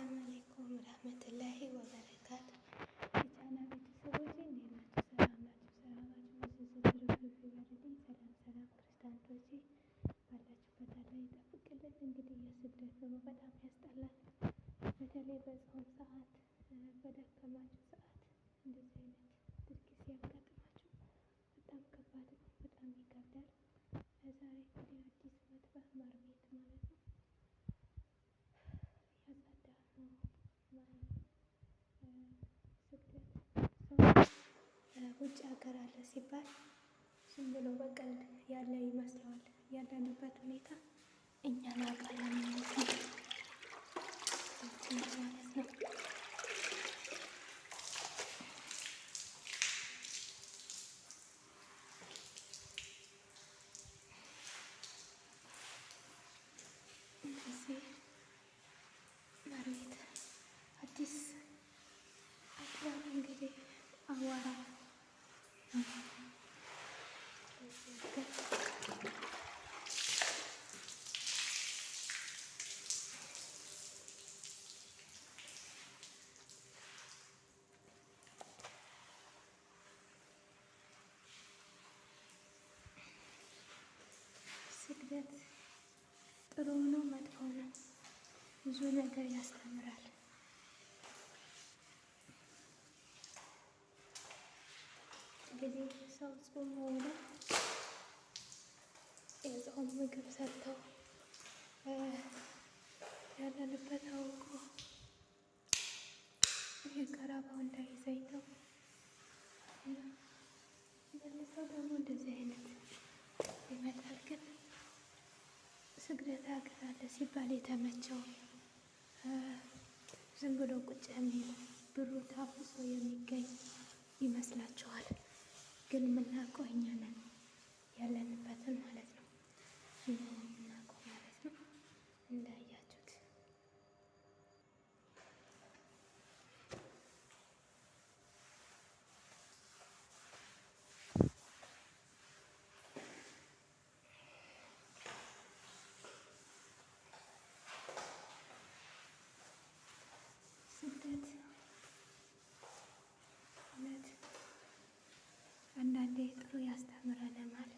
ሰላም አለይኩም ረህመቱላሂ ወበረካቱ። የጫና ቤተሰቦች እንዴት ናቸው? ሰላም ናቸው? ሰላም ሰላም ክርስቲያኖቼ ባላችሁበት አላህ ይጠብቅልን። እንግዲህ የስደት ኑሮ በጣም ያስጠላል። በተለይ በጾም ሰዓት ውጭ ሀገር አለ ሲባል ዝም ብሎ በቀልድ ያለ ይመስለዋል። ያለንበት ሁኔታ እኛ ናውቃለን ማለት ነው። ብዙ ነገር ያስተምራል። እንግዲህ ሰው ጾም ሆነ የጾም ምግብ ሰጥተው ያለንበት አውቆ የቀረበው እንዳይዘይተው መልሰው ደግሞ እንደዚህ አይነት ይመጣል። ግን ስግደት አገር አለ ሲባል የተመቸው ዝም ብሎ ቁጭ የሚል ብሩ ታፍሶ የሚገኝ ይመስላችኋል። ግን የምናውቀው እኛ ነን ያለንበትን ማለት ነው። እኛ የምናውቀው ማለት ነው። አብሮ ያስተምረናል።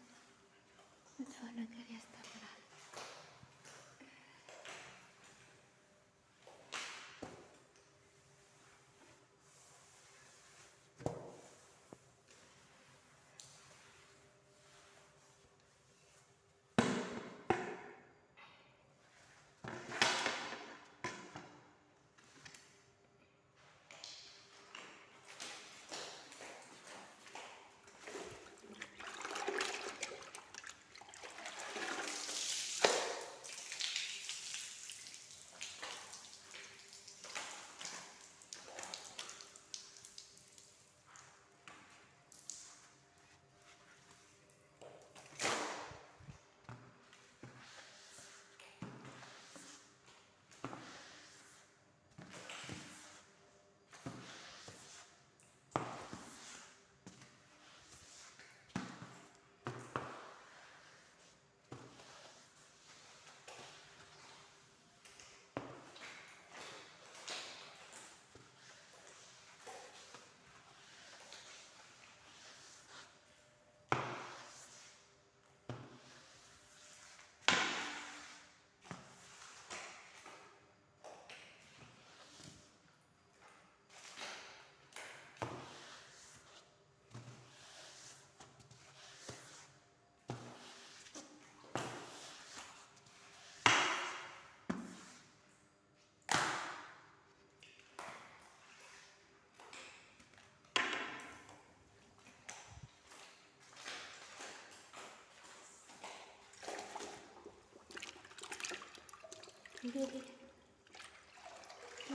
እንግዲህ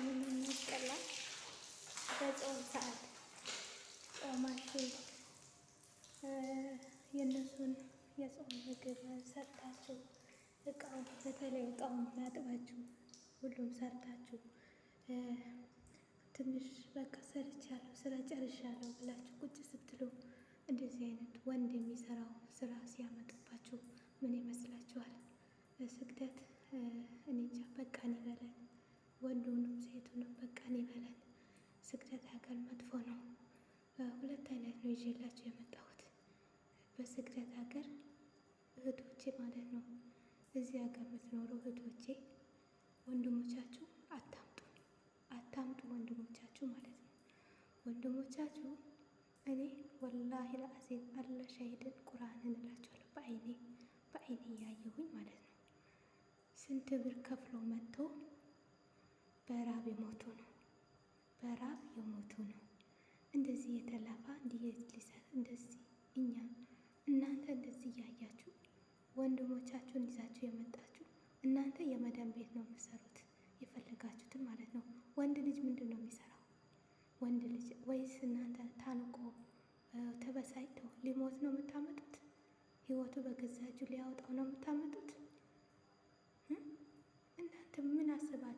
ምንም የሚቀላል በጾም ሰዓት ጾማችሁ የእነሱን የጾም ምግብ ሰርታችሁ እቃው በተለይ እቃውን አጥባችሁ ሁሉም ሰርታችሁ ትንሽ በቃ ሰርቻለሁ ስራ ጨርሻለሁ ብላችሁ ቁጭ ስትሉ እንደዚህ አይነት ወንድ የሚሰራው ስራ ሲያመጡባችሁ ምን ይመስላችኋል? ስግደት እኔጃ በቃን ይበለን። ወንዱንም ሴቱንም በቃን ይበለን። ስግደት ሀገር መጥፎ ነው። ሁለት አይነት ነው ይዤላችሁ የመጣሁት በስግደት ሀገር እህቶቼ ማለት ነው። እዚህ ሀገር የምትኖሩ እህቶቼ ወንድሞቻችሁ አታምጡ፣ አታምጡ ወንድሞቻችሁ ማለት ነው። ወንድሞቻችሁ እኔ ወላሂ ለአዜብ አለ ሻሂድን ቁርአንን በአይኔ በአይኔ እያየሁኝ ማለት ነው። ስንት ብር ከፍለው መጥቶ በራብ የሞቱ ነው። በራብ የሞቱ ነው። እንደዚህ የተለፋ እንደዚህ እኛ እናንተ እንደዚህ እያያችሁ ወንድሞቻችሁን ይዛችሁ የመጣችሁ እናንተ የመዳን ቤት ነው የምትሰሩት የፈለጋችሁትን ማለት ነው። ወንድ ልጅ ምንድን ነው የሚሰራው? ወንድ ልጅ ወይስ እናንተ ታንቆ ተበሳጭቶ ሊሞት ነው የምታመጡት? ህይወቱ በገዛ እጁ ሊያወጣው ነው የምታመጡት?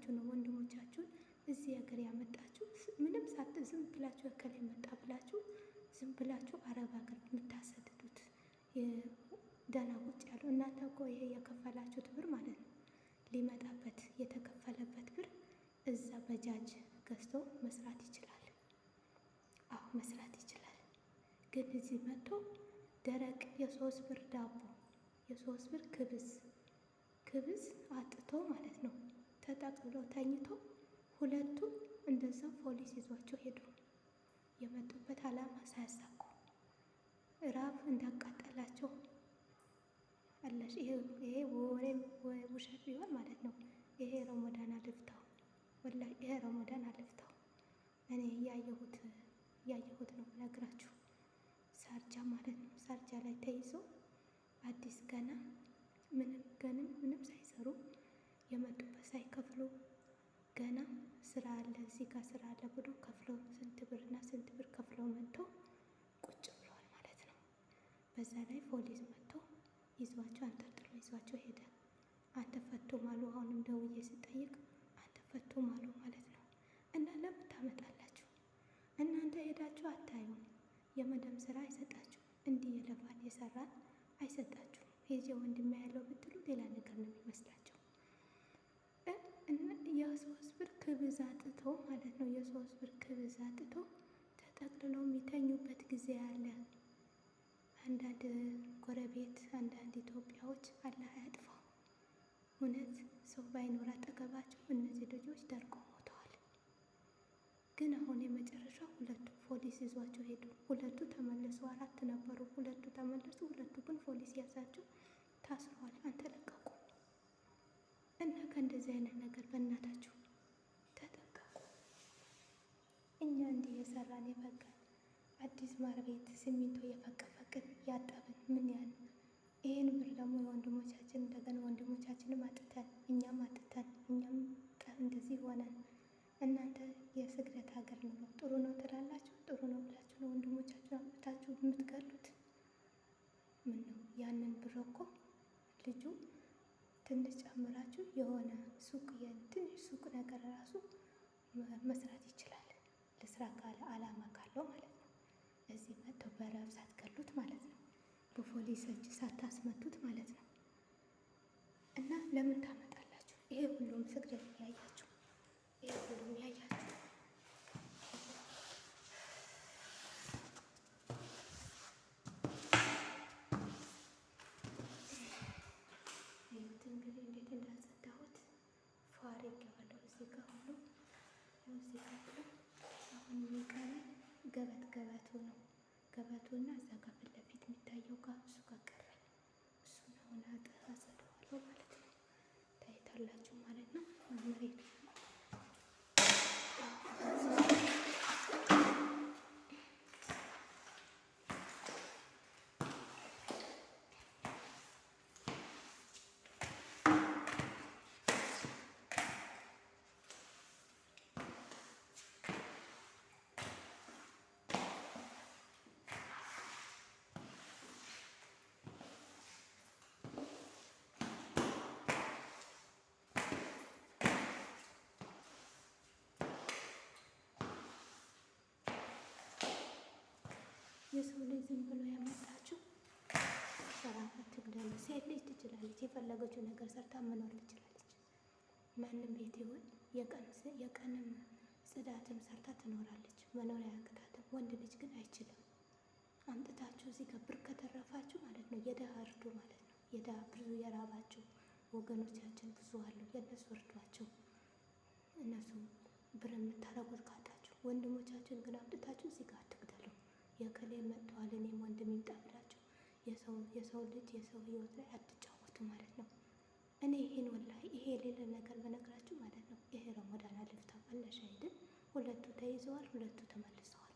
ብላችሁ ነው ወንድሞቻችሁን እዚህ ሀገር ያመጣችሁ። ምንም ሳት ዝም ብላችሁ እከሌ መጣ ብላችሁ ዝም ብላችሁ አረብ ሀገር የምታሰድዱት ደህና ቁጭ ያሉ እናንተ እኮ ይሄ የከፈላችሁት ብር ማለት ነው ሊመጣበት የተከፈለበት ብር እዛ በጃጅ ገዝቶ መስራት ይችላል። አሁ መስራት ይችላል። ግን እዚህ መጥቶ ደረቅ የሶስት ብር ዳቦ የሶስት ብር ክብዝ ክብዝ አጥቶ ማለት ነው ፈጠጥ ብለው ተኝተው ሁለቱም እንደዛ ፖሊስ ይዟቸው ሄዱ። የመጡበት ዓላማ ሳያሳኩ ራብ እንዳቃጠላቸው አለሽ። ይሄ ወሬ ውሸት ቢሆን ማለት ነው። ይሄ ረመዳን አልፍታው ወላሂ፣ ይሄ ረመዳን አልፍታው እኔ እያየሁት እያየሁት ነው ነግራችሁ። ሳርጃ ማለት ነው። ሳርጃ ላይ ተይዞ አዲስ ገና ምንም ገንም ምንም ሳይሰሩ የመጡበት ሳይከፍሉ ገና ስራ አለ እዚህ ጋር ስራ አለ ብሎ ከፍለው ስንት ብር እና ስንት ብር ከፍለው መጥቶ ቁጭ ብለዋል ማለት ነው። በዛ ላይ ፖሊስ መጥቶ ይዟቸው አንጠርጥሮ ይዟቸው ሄደ። አልተፈቱም አሉ። አሁንም ደውዬ ስጠይቅ አልተፈቱም አሉ ማለት ነው። እና ለምን ታመጣላችሁ እናንተ ሄዳችሁ አታዩም? የመደም ስራ አይሰጣችሁ? እንዲህ የለፋን የሰራን አይሰጣችሁም። ሄጄ ወንድሜ ያለው ብትሉ ሌላ ነገር ነው ይመስላል። እና የሶስት ብር ክብዝ አጥቶ ማለት ነው። የሶስት ብር ክብዝ አጥቶ ተጠቅልለው የሚተኙበት ጊዜ አለ። አንዳንድ ጎረቤት፣ አንዳንድ ኢትዮጵያዎች አላህ ያጥፋው። እውነት ሰው ባይኖር አጠገባቸው እነዚህ ልጆች ደርቆ ሞተዋል። ግን አሁን የመጨረሻው ሁለቱ ፖሊስ ይዟቸው ሄዱ። ሁለቱ ተመለሱ። አራት ነበሩ። ሁለቱ ተመለሱ። ሁለቱ ግን ፖሊስ ያዛቸው ታስረዋል። አንተ ከእንደዚህ አይነት ነገር በእናታችሁ ተጠንቀቁ። እኛ እንዲህ የሰራን የፈቀን አዲስ ማርቤት ሲሚንቶ የፈቀፈቅን ያጠብን ምን ያህል ይህን ብር ደግሞ ወንድሞቻችን እንደገና ወንድሞቻችንም አጥተን እኛም አጥተን እኛም እንደዚህ ሆነን እናንተ የስግደት ሀገር ነው ጥሩ ነው ትላላችሁ። ጥሩ ነው ብላችሁ ነው ወንድሞቻችሁ አምጥታችሁ የምትገሉት። ምን ነው ያንን ብር እኮ ልጁ ትንሽ ጨምራችሁ የሆነ ሱቅ ትንሽ ሱቅ ነገር ራሱ መስራት ይችላል። ለስራ ካለ አላማ ካለው ማለት ነው። እዚህ መጥተው በረብ ሳትገሉት ማለት ነው። በፖሊስ እጅ ሳታስመቱት ማለት ነው። እና ለምን ታመጣላችሁ? ይሄ ሁሉም ስግደት እያያችሁ ገበቱ እና እዛ ጋር ፊት ለፊት የሚታየው ጋር እሱ ጋር ቀረኝ። እሱን አሁን አጥፋ አጸደዋለሁ ማለት ነው። ታይታላችሁ ማለት ነው መሬቱ የሰው ልጅ ዝም ብሎ ያመጣችው ስራ አትግደሉ። ሴት ልጅ ትችላለች፣ የፈለገችው ነገር ሰርታ መኖር ትችላለች። ማንም ቤት ይሁን የቀንም ጽዳትም ሰርታ ትኖራለች፣ መኖር አያቅታትም። ወንድ ልጅ ግን አይችልም። አምጥታችሁ እዚህ ጋር ብር ከተረፋችሁ ማለት ነው የድሃ እርዱ ማለት ነው። የድሃ ብዙ የራባችሁ ወገኖቻችን ብዙ አሉ፣ የእነሱ እርዷቸው። እነሱ ብር የምታረጉት ካጣችሁ፣ ወንድሞቻችን ግን አምጥታችሁ እዚህ ጋር የከሌ መጥተዋል እኔም ወንድም ይምጣ ብላችሁ የሰው ልጅ የሰው ህይወት ላይ አትጫወቱ ማለት ነው። እኔ ይሄን ወላሂ ይሄ የሌለ ነገር በነግራችሁ ማለት ነው። ይሄ ረመዳን አለፍታ አላሻሂድም። ሁለቱ ተይዘዋል፣ ሁለቱ ተመልሰዋል።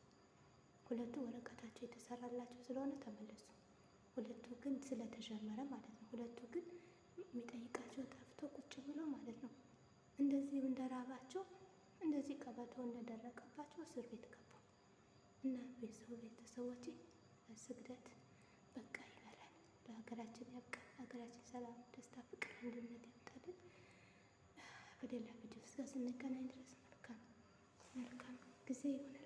ሁለቱ ወረቀታቸው የተሰራላቸው ስለሆነ ተመለሱ። ሁለቱ ግን ስለተጀመረ ማለት ነው። ሁለቱ ግን የሚጠይቃቸው ጠፍቶ ቁጭ ብሎ ማለት ነው። እንደዚህ እንደራባቸው እንደዚህ ቀበቶ እንደደረቀባቸው እስር ቤት ገቡ። እና ቤተሰቡ ቤተሰቦች ስግደት በቃ ይበላል። ለሀገራችን ያብቃል። ሀገራችን ሰላም፣ ደስታ፣ ፍቅር፣ አንድነት ያምጣልን። በሌላ ቪዲዮ እስከ ስንገናኝ ድረስ መልካም መልካም ጊዜ ይሆናል።